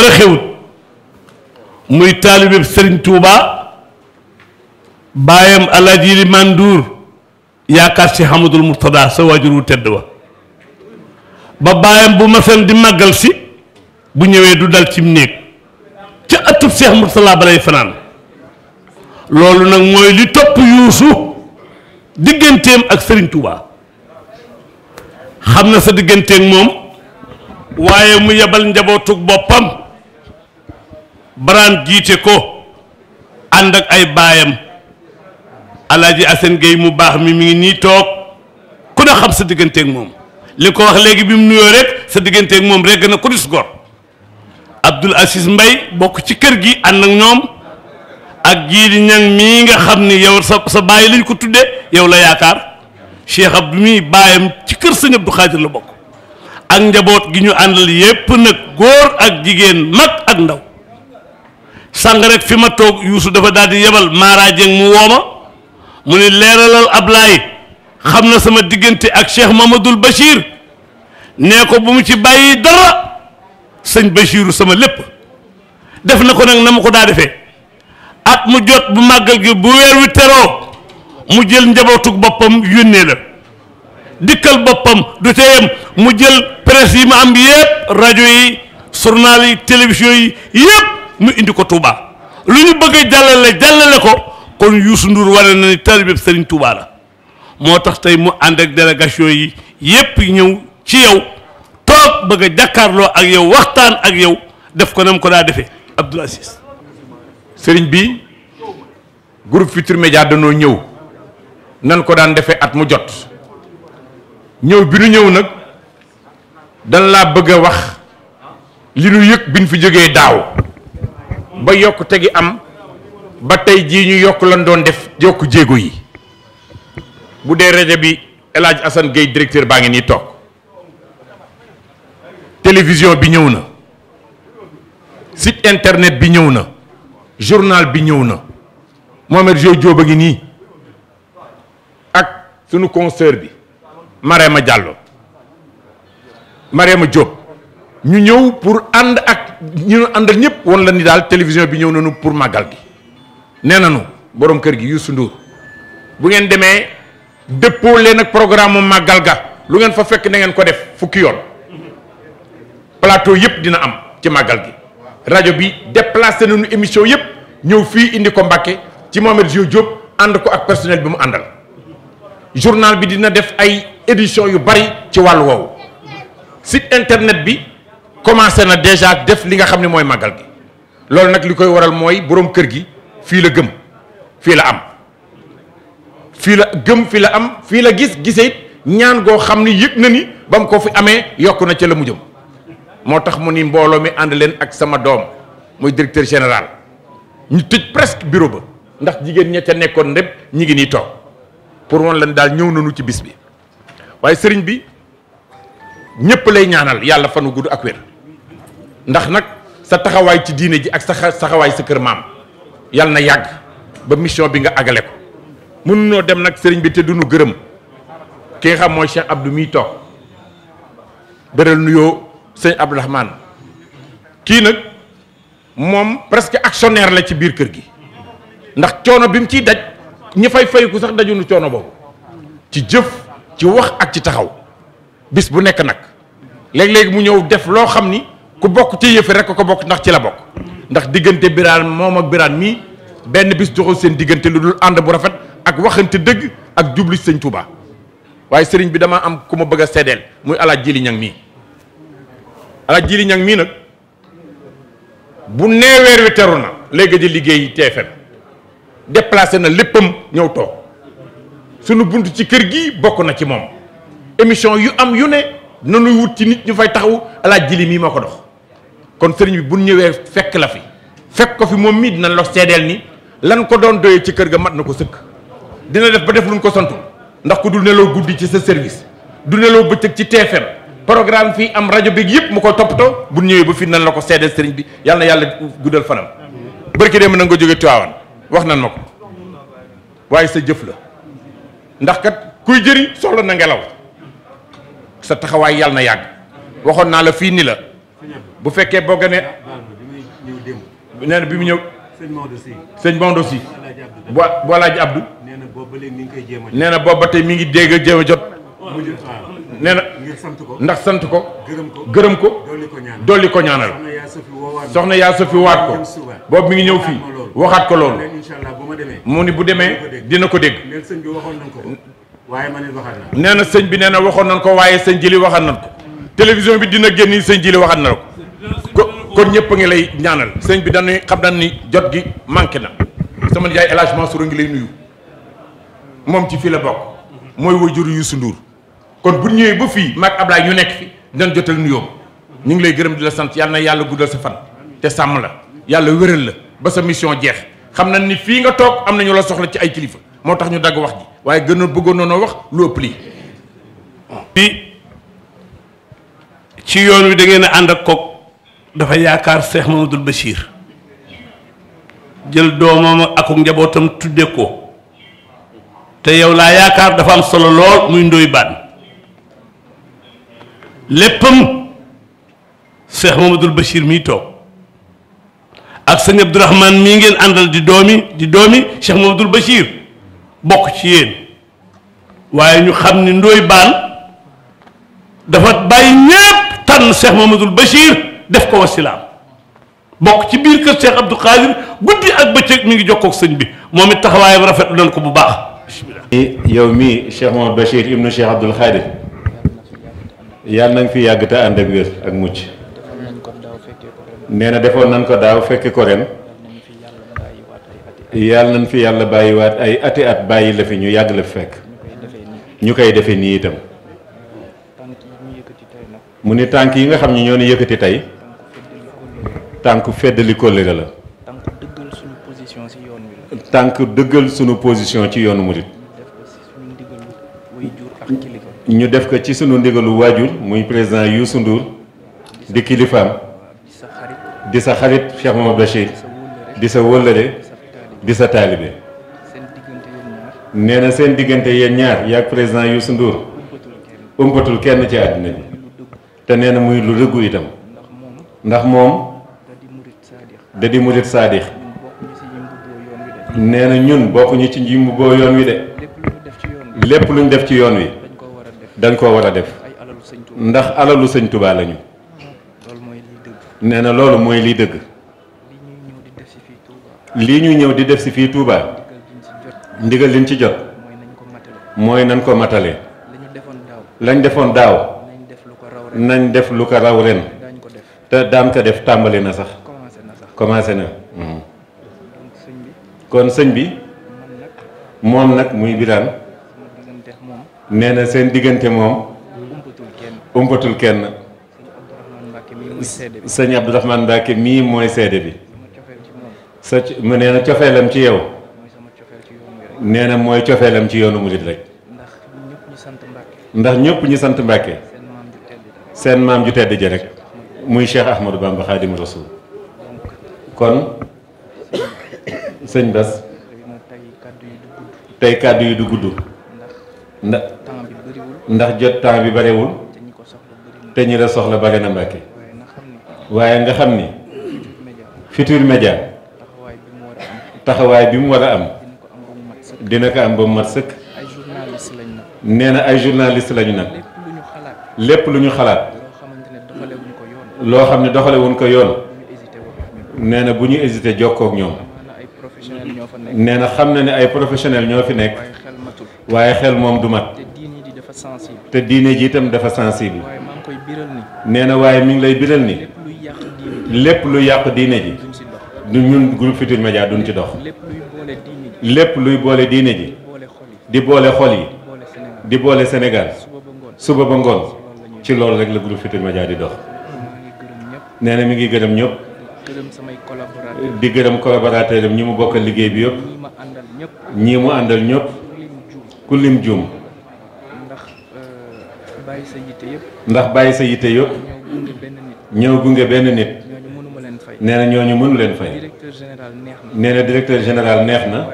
dara xewut muy taalibe sëriñ Touba baayam Alaaji Limaan Nduur yaakaar si Hamadul Murtada sa waajur wu tedd wa ba baayam bu masan di màggal si bu ñëwee du dal cim néeg ci atub Seex Murtada balay fanaan loolu nag mooy li topp yuusu digganteem ak sëriñ Touba xam na sa digganteeg moom waaye mu yebal njabootug boppam baraan jiite ko ànd ak ay baayam alaaji Assane géey mu baax mi mi ngi nii toog ku ne xam sa digganteek moom li ko wax léegi bi mu nuyoo rek sa digganteeg moom rek na ku dis gor Abdoul Aziz mbay bokk ci kër gi ànd ak ñoom ak jiidi ñang mii nga xam ni yow sa sa bàyyi lañ ko tuddee yow la yaakaar Cheikh bi muy baayam ci kër sëñ Abdou Xaadir la bokk ak njaboot gi ñu àndal yépp nag góor ak jigéen mag ak ndaw sàng rek fi ma toog yuusu dafa daal di yebal Mara mu wooma mu ne leeralal Ablaye xam na sama diggante ak Cheikh Mamadul Bachir nee ko bu mu ci bàyyi dara sëñ Bachiru sama lépp def na ko nag na ma ko daa defee at mu jot bu màggal gi bu weer wi teroo mu jël njabootug boppam yónnee la dikkal boppam du teyam mu jël presse yi ma am yépp rajo yi journal yi télévision yi yépp nu indi ko Touba lu ñu bëgg a jàllale jàllale ko kon Youssou Ndour war na ni talibeb sëriñ Touba la moo tax tey mu ànd ak délégation yi yépp ñëw ci yow toog bëgg a jàkkaarloo ak yow waxtaan ak yow def ko na mu ko daa defee Abdoul Aziz sëriñ bi groupe Futurs Médias danoo ñëw nan ko daan defee at mu jot ñëw bi nu ñëw nag dan laa bëgg a wax li nu yëg bi ñu fi jógee daaw ba yokkute gi am ba tey jii ñu yokk lan doon def yokk jéego yi bu dee rajo bi El Hadj Assane Gueye directeur baa ngi nii toog télévision bi ñëw na site internet bi ñëw na journal bi ñëw na Mohamed Jo Diop a ngi nii ak sunu consoeur bi Marema Diallo Marema Diop ñu ñëw pour ànd ak ñu àndal ñëpp wan la ni daal télévision bi ñëw nañu pour màggal gi nee nañu borom kër gi yu Ndour bu ngeen demee dëppoo leen ak programme mu màggal ga lu ngeen fa fekk na ngeen ko def fukki yoon plateau yëpp dina am ci màggal gi rajo bi déplacé nañu émission yëpp ñëw fii indi ko Mbàkke ci Mohamed Diop Diop ànd ko ak personnel bi mu àndal journal bi dina def ay édition yu bari ci wàllu woowu site internet bi. commencé na déjà def li nga xam ne mooy màggal bi loolu nag li koy waral mooy boroom kër gi fii la gëm fii la am fii la gëm fii la am fii la gis gisee it ñaan goo xam ni yëg na ni ba mu ko fi amee yokk na ci la mu jëm moo tax mu ni mbooloo mi ànd leen ak sama doom muy directeur général ñu tëj presque bureau ba ndax jigéen ña ca nekkoon lépp ñi ngi nii toog pour wan leen daal ñëw nañu ci bis bi waaye sëriñ bi ñëpp lay ñaanal yàlla fanu gudd ak wér ndax nag sa taxawaay ci diine ji ak sa taxawaay sa kër maam yàlla na yàgg ba mission bi nga agale ko mën noo dem nag sëriñ bi te duñu gërëm ki nga xam mooy Cheikh Abdou miy toog beral nuyoo sëñ Abdourahman kii nag moom presque actionnaire la ci biir kër gi ndax coono bi mu ciy daj ñi fay fay ku sax dajunu coono boobu ci jëf ci wax ak ci taxaw bis bu nekk nag léeg-léeg mu ñëw def loo xam ni ku bokk ci yëfi rek ko bokk ndax ci la bokk ndax diggante biraan moom ak biraan mii benn bis doxul seen diggante lu dul ànd bu rafet ak waxante dëgg ak jubli sëñ Touba waaye sëriñ bi dama am ku ma bëgg seddeel muy alaaj jili ñang mii alaaj jili mii nag bu nee wi teru na léegi di liggéey TFM déplacé na léppam ñëw toog sunu bunt ci kër gi bokk na ci moom émission yu am yu ne nanuy wut ci nit ñu fay taxaw alaaj jilli mii moo ko dox kon sëriñ bi bu ñëwee fekk la fi fekk ko fi moom mii dinañ la seedeel ni lan ko doon doyee ci kër ga mat na ko sëkk dina def ba def luñ ko sant ndax ku du neloo guddi ci sa service du neloo bëccëg ci TFM programme fii am rajo bi yëpp mu ko toppatoo bu ñëwee ba fii nan la ko seddeel sëriñ bi yàlla na yàlla guddal fanam. barki dem na nga jóge Tiwaawan wax nan ma ko waaye sa jëf la ndax kat kuy jëri soxla na ngelaw sa taxawaay yàlla na yàgg waxoon naa la fii ni bu fekkee boo gënee nee na bi mu ñëw. sëñ Maodo si. sëñ Maodo si. bu bu Alaaji Abdou. nee na boobu ba léegi mi ngi koy jéem a jot. nee na boobu ba tey mi ngi dégg a jéem a jot. nee na ngir sant ko ndax sant ko. gërëm ko gërëm ko. dolli ko ñaanal soxna yaa sa fi waat ko. boobu mi ngi ñëw fii waxaat ko loolu. mu ni bu demee dina ko dégg. nee na sëñ bi nee na waxoon nañ ko waaye sëñ jëli waxoon nañ ko. télévision bi dina génn sëñ jii li waxaat na ko kon ñëpp a ngi lay ñaanal sëñ bi dañuy xam na ni jot gi manqué na sama nijaay El Hadj Mansour a ngi lay nuyu moom ci fii la bokk mooy wajur Youssou Ndour kon bu ñëwee ba fii mag Ablaye ñu nekk fi dañ jotal nuyoo ñu ngi lay gërëm di la sant yàlla na yàlla guddal sa fan te sàmm la yàlla wéral la ba sa mission jeex xam na ni fii nga toog am nañu la soxla ci ay kilifa moo tax ñu dagg wax ji waaye gën bëggoon noonu wax lu ëpp ci yoon wi dangeen ngeen a ànd ak kook dafa yaakaar Cheikh Mamadou Bachir jël doomam ak njabootam tudde ko te yow laa yaakaar dafa am solo lool muy ndoy baan léppam Cheikh Mamadou Bachir miy toog ak sëñ Abdourahman mii ngeen àndal di doomi di doomi Cheikh Mamadou Bachir bokk ci yéen waaye ñu xam ni ndoy baan dafa bàyyi ñépp tànn Cheikh Mamadul def ko bokk ci biir kër Cheikh Abdou Khadir guddi ak ngi bi moom it taxawaayam rafetlu nañ ko bu baax yow mii Cheikh Mamadou Bachir ibnu Cheikh Abdou Khadir yàlla fi yàgg te ànd ak wér ak mucc nee na defoon nañ ko daaw fekke ko ren yàlla nañ fi yàlla bàyyiwaat ay ati at bàyyi la fi ñu yàgg la fi fekk ñu koy defee nii itam mu ni tànk yi nga xam ne ñoo ni yëkkati tey tànk feddali kóllëre la tànk dëggal sunu position ci yoonu murit ñu def ko ci sunu ndigalu waajur muy président Youssou Ndour di kilifaam di sa xarit Cheikh Mamadou Bachir di sa wëllëre di sa taalibe nee na seen diggante yéen ñaar yaag président Youssou Ndour umpatul kenn ci àddina bi te nee na muy lu dëggu itam ndax moom da di murit saadix nee na ñun bokkuñu ci njimbu boo yoon wi de lépp luñ def ci yoon wi dañ koo war a def ndax alalu sëñ tubaa lañu nee na loolu mooy liy dëgg lii ñuy ñëw di def si fii tuuba ndigal liñ ci jot mooy nañ ko matale lañ defoon daaw nañ def lu ko raw ren te daan ko def tàmbali na sax commencé na mhm. kon sëñ bi moom nag muy biraan nee na seen diggante moom umpatul kenn sëñ Abdourahmane Mbacke mii mooy seede bi sa mu nee na cofeelam ci yow nee na mooy cofeelam ci yoonu murit rek ndax ñëpp ñu sant Mbacke seen maam ju tedd ji rek muy Cheikh Ahmadou Bamba Xaadimu Rasuul kon sëñ Bass tey kàddu yi du gudd ndax ndax jot temps bi barewul te ñi la soxla bare na Mbàkke waaye nga xam ni Futurs Médias taxawaay bi mu war a am dina ko am ba mu mat sëkk nee na ay journaliste lañu nag lépp lu ñu xalaat loo xam ne doxale woon ko yoon nee na bu ñu hésité jokkoo ak ñoom nee na xam na ne ay professionnel ñoo fi nekk waaye xel moom du mat te diine ji itam dafa sensible nee na waaye mi ngi lay biral ni lépp lu yàq diine ji du ñun groupe Futurs Médias duñ ci dox lépp luy boole diine ji di boole xol yi di boole Sénégal suba ba ngoon ci loolu rek la groupe Futurs Médias di dox. nee na mi ngi gërëm ñëpp. di gërëm collaborateur am ñi mu bokk liggéey bi yëpp. ñii mu àndal ñëpp. ku lim juum. ndax bàyyi sa yitte yëpp. ñëw gunge benn nit. nee na ñu mënu leen fay. nee na directeur général neex na.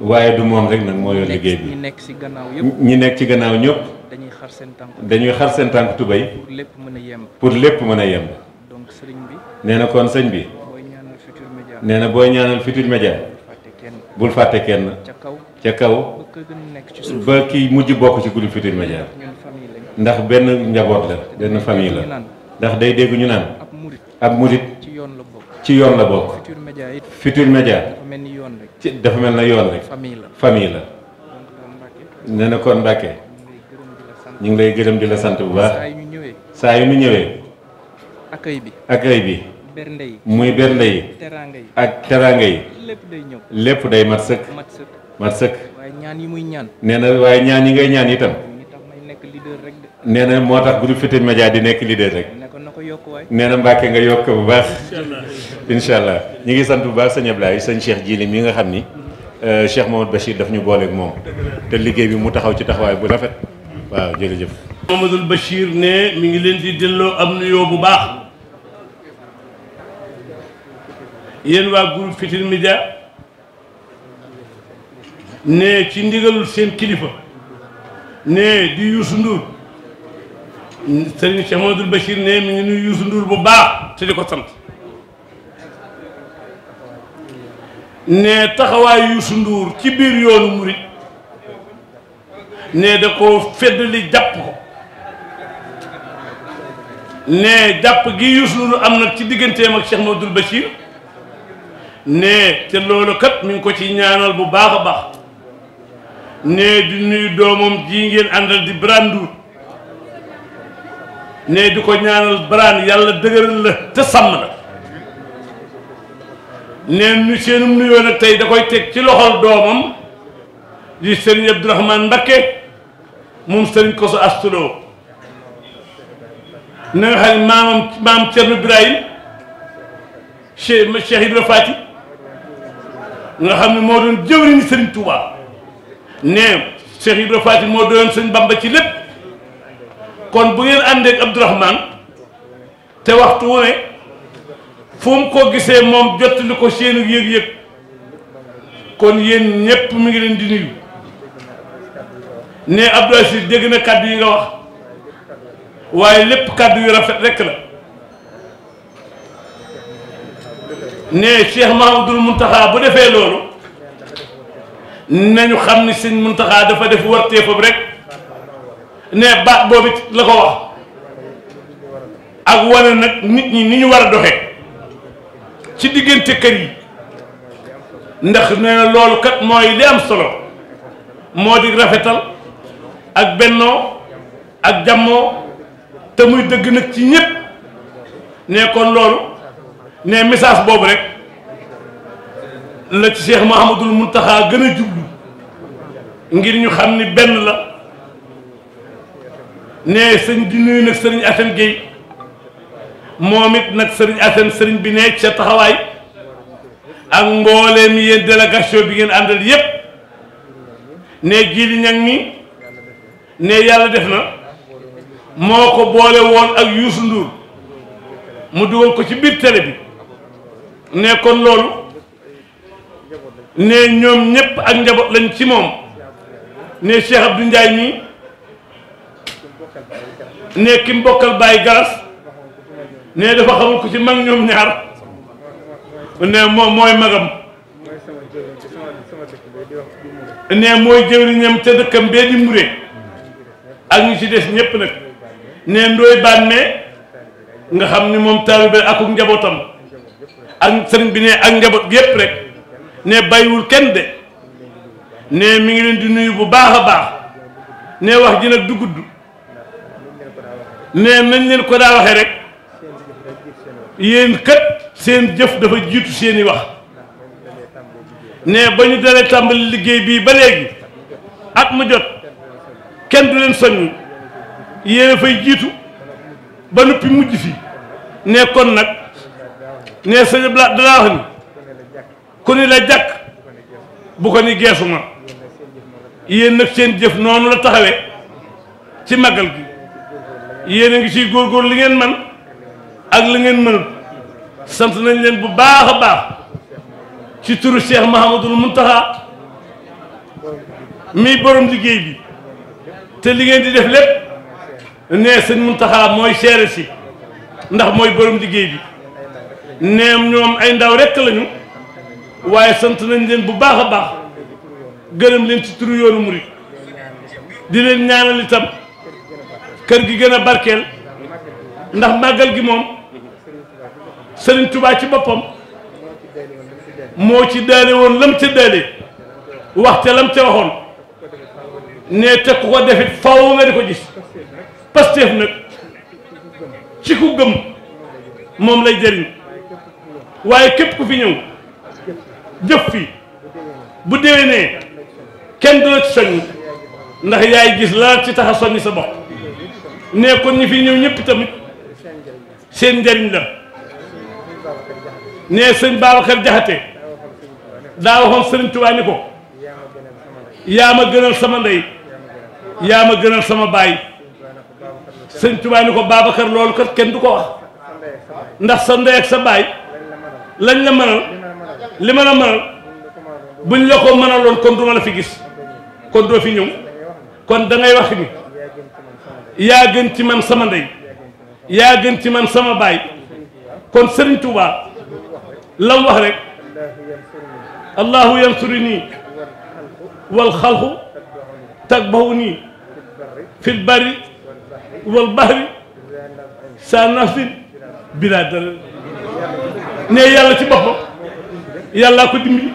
waaye du moom rek nag moo yor liggéey bi. ñi nekk ci gannaaw ñëpp. xar seen tànk dañuy xar seen tànk tubéy pour lépp mën a yemb pour lépp mën a yemb donc sëriñ bi nee na kon sëñ bi nee na booy ñaanal Futurs Médias bul fàtte kenn ca kaw ba kii mujj bokk ci groupe Futurs Médias ndax benn njaboot la benn famille la ndax day dégg ñu naan ab murit ci yoon la bokk Futurs Médias ci dafa mel na yoon rek famille la nee na kon Mbàkke ñu ngi lay gërëm di la sant bu baax saa yi ñu ñëwee. accueil bi accueil bi. bernde muy bernde yi. yi ak teraanga yi. lépp day ñëw lépp day mat sëkk. mat sëkk mat waaye ñaan yi muy ñaan. nee na waaye ñaan yi ngay ñaan itam. nee na moo tax groupe Futurs Médias di nekk leader rek. nee na Mbàkke nga yokk bu baax. incha allah ñu ngi sant bu baax sëñ Ablaye sëñ Cheikh Jili mi nga xam ni. Euh, Cheikh Mamadou Bachir daf ñu booleek moom. te liggéey bi mu taxaw ci taxawaay bu rafet. waaw jërëjëf. Mamadou Bachir ne mi ngi leen di delloo am yoo bu baax yéen waa groupe Futurs Médias ne ci ndigalul seen kilifa ne di Youssou Ndour Serigne Cheikh Mamadou Bachir ne mi ngi nuyu Youssou bu baax te di ko sant ne taxawaayu Youssou Ndour ci biir yoonu murit ne da koo feddali jàpp ko ne jàpp gi Youssou Ndour am na ci digganteem ak Cheikh Madoul Bachir ne te loolu kat mi ngi ko ci ñaanal bu baax a baax ne di nuyu doomam ji ngeen àndal di Birane Ndour ne di ko ñaanal Birane yàlla dëgëral la te sàmm la ne nu seenum nuyoo tey da koy teg ci loxol doomam di Serigne Abdourahmane Mbacké moom Serigne Kosso Astou Lo na nga xam ne maamam maam Thierno Birahim Cheikh Cheikh Ibra Fati nga xam ne moo doon jëwriñu Serigne Touba nee Cheikh Ibra Fati moo doon Serigne Bamba ci lépp kon bu ngeen àndeek Abdourahmane te waxtu wu ne ko gisee moom jottali ko seenu yëg-yëg kon yéen ñëpp mi ngi leen di ne Abdou Aziz dégg na kàddu yi nga wax waaye lépp kàddu yu rafet rekk la ne Cheikh Mahamadul Muntaxa bu defee loolu nañu xam ni seen Muntaxa dafa def warteefam rek ne baat boobu la ko wax ak wane nag nit ñi ni ñu war a doxee ci diggante kër yi ndax nee na loolu kat mooy li am solo moo di rafetal ak bennoo ak jàmmoo te muy dëgg nag ci ñépp ne kon loolu ne message boobu rek la ci Cheikh Mouhamadoul Mountakha gën a jublu ngir ñu xam ni benn la ne sëñ di nuyu nag sëriñ Assane Gueye moom it nag sëriñ Assane sëriñ bi ne ca taxawaay ak mbooleem yéen délégation bi ngeen àndal yépp ne jili ñag mi ne yàlla def na moo ko boole woon ak Youssou Ndour mu dugal ko ci biir télé bi ne kon loolu ne ñoom ñëpp ak njaboot lañ ci moom ne Cheikh Abdou Ndiaye mii ne ki mu bokkal Baye Galas ne dafa xamul ko ci mag ñoom ñaar ne moom mooy magam ne mooy jëwriñam ca dëkkam bee di ak ñu ci des ñépp nag ne ndooy bànne nga xam ni moom taalibe ak njabootam ak sëriñ bi ne ak njaboot yépp rek ne bàyyiwul kenn de ne mi ngi leen di nuyu bu baax a baax ne wax ji nag du gudd ne nañ leen ko daa waxee rek yéen kët seen jëf dafa jiitu seeni wax ne ba ñu dalee tàmbali liggéey bii ba léegi at mu jot kenn du leen soññ yéen fay jiitu ba noppi mujj fi ne kon nag ne sëñ Abdoulaye danaa wax ni ku ni la jàkk bu ko ni geesu ma yéen nag seen jëf noonu la taxawee ci màggal gi yéen a ngi ciy góorgóor li ngeen man ak li ngeen mënut sant nañ leen bu baax a baax ci turu Cheikh Mahamadul Muntaha mi borom liggéey bi te liggéey di def lépp ne sëñ Muntaxa mooy seere si ndax mooy borom liggéey bi neem ñoom ay ndaw rekk lañu waaye sant nañ leen bu baax a baax gërëm leen ci turu yoonu murit di leen ñaanal itam kër gi gën a barkeel ndax màggal gi moom Sëriñ Tuubaa ci boppam moo ci daane woon lam ci daane wax te lam ca waxoon ne ko defit faaw ci ku gëm moom lay jëriñ waaye képp ku fi ñëw jëf bu déwénee kenn du la ci soññ ndax yaay gis la ci tax a soññ sa bopp ne ñi fi ñëw ñëpp tamit seen njëriñ la ne sëñ Babacar Diakhaté daa waxoon sëriñ Tuubaa ni ko yaa ma gënal sama ndey yaa ma gënal sama baay sëñ Tuubaa baa ko Babacar loolu kat kenn du ko wax ndax sa sa baay lañ la mënal li ma la mënal buñ la ko mënaloon kon du ma la fi gis kon doo fi ñëw kon da ngay wax ni yaa gën ci man sama ndey yaa gën ci man sama baay kon sëriñ Tuubaa wax rek allahu yansurini wal xalqu تكبهني في البر والبحر saa nafsin bila dara ne yàlla ci boppam yàllaa ko dimbali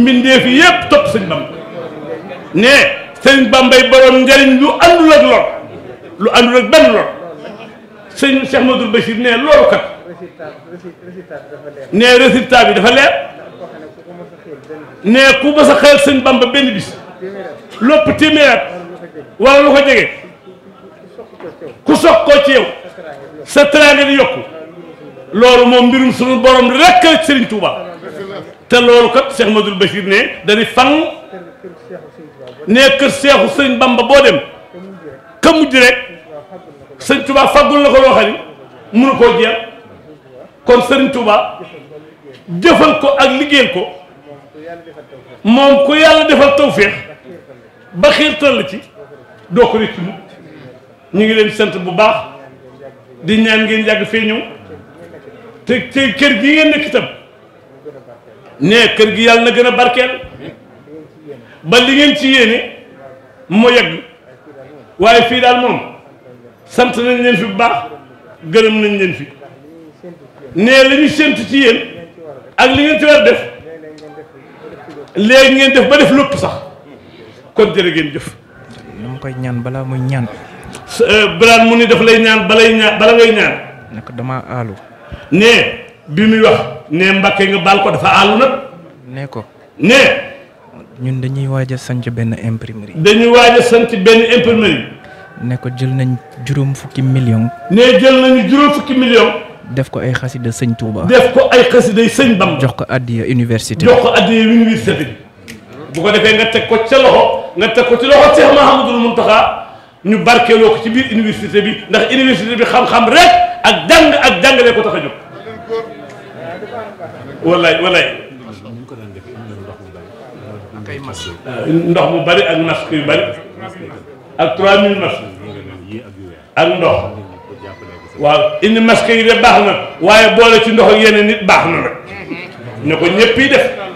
mbindeef yépp topp sëñ bamba ne sëñ bambay borom njariñ lu àndul ak lor lu àndul ak benn lor sëñ Cheikh Madou Bachir ne loolu kat ne résultat bi dafa leer ne ku ba sa xel sëñ bamba benn bis lopp téeméer at wala lu ko jege ku sox koo ci yow sa teraanga di yokku loolu moom mbirum sunu borom rekk Serigne Touba te loolu kat Cheikh Madul Bachir ne dañuy fan ne kër seexu Serigne Bamba boo dem ka mujj rek Serigne Touba kon Serigne Touba jëfal ko ak liggéeyal ko moom ku yàlla defal tawféex. ba xiirtal la ci doo ko rëcc ñu ngi leen sant bu baax di ñaan ngeen yàgg fee ñëw te kër gi ngeen nekk itam ne kër gi yàlla na gën a barkeel ba li ngeen ci yéene moo yàgg waaye fii daal moom sant nañ leen fi bu baax gërëm nañ leen fi ne la ñu séntu ci yéen ak li ngeen ci war a def léegi ngeen def ba def lépp sax kon jërë ngeen jëf. nu mu koy ñaan balaa muy ñaan. balaa euh, mu ni daf lay ñaan balay ñaan bala ngay ñaan. ne ko damaa aalu. ne bi muy wax ne ko dafa aalu nag. ne ko. ne. dañuy waaj a sanc benn imprimerie. dañuy waaj a sanc benn imprimerie. ne jël nañ juróom fukki million. ne jël nañu juróom fukki million. def ko ay xasida sëñ Touba. def ko ay xasida sëñ Bamba. jox ko addiya université. jox ko addiya université. bu ko defee nga teg ko ca loxo. nga teg ko ci loxo Cheikh Mahamadul Muntaxa ñu barkeeloo ko ci biir université bi ndax université bi xam-xam rek ak jàng ak jàngale ko tax a jóg. wallaay wallaay. ndox mu bari ak masque yu bari ak 3000 masque ak ndox waaw indi masque yi de baax na waaye boole ci ndox ak nit baax na nag ko ñëpp def.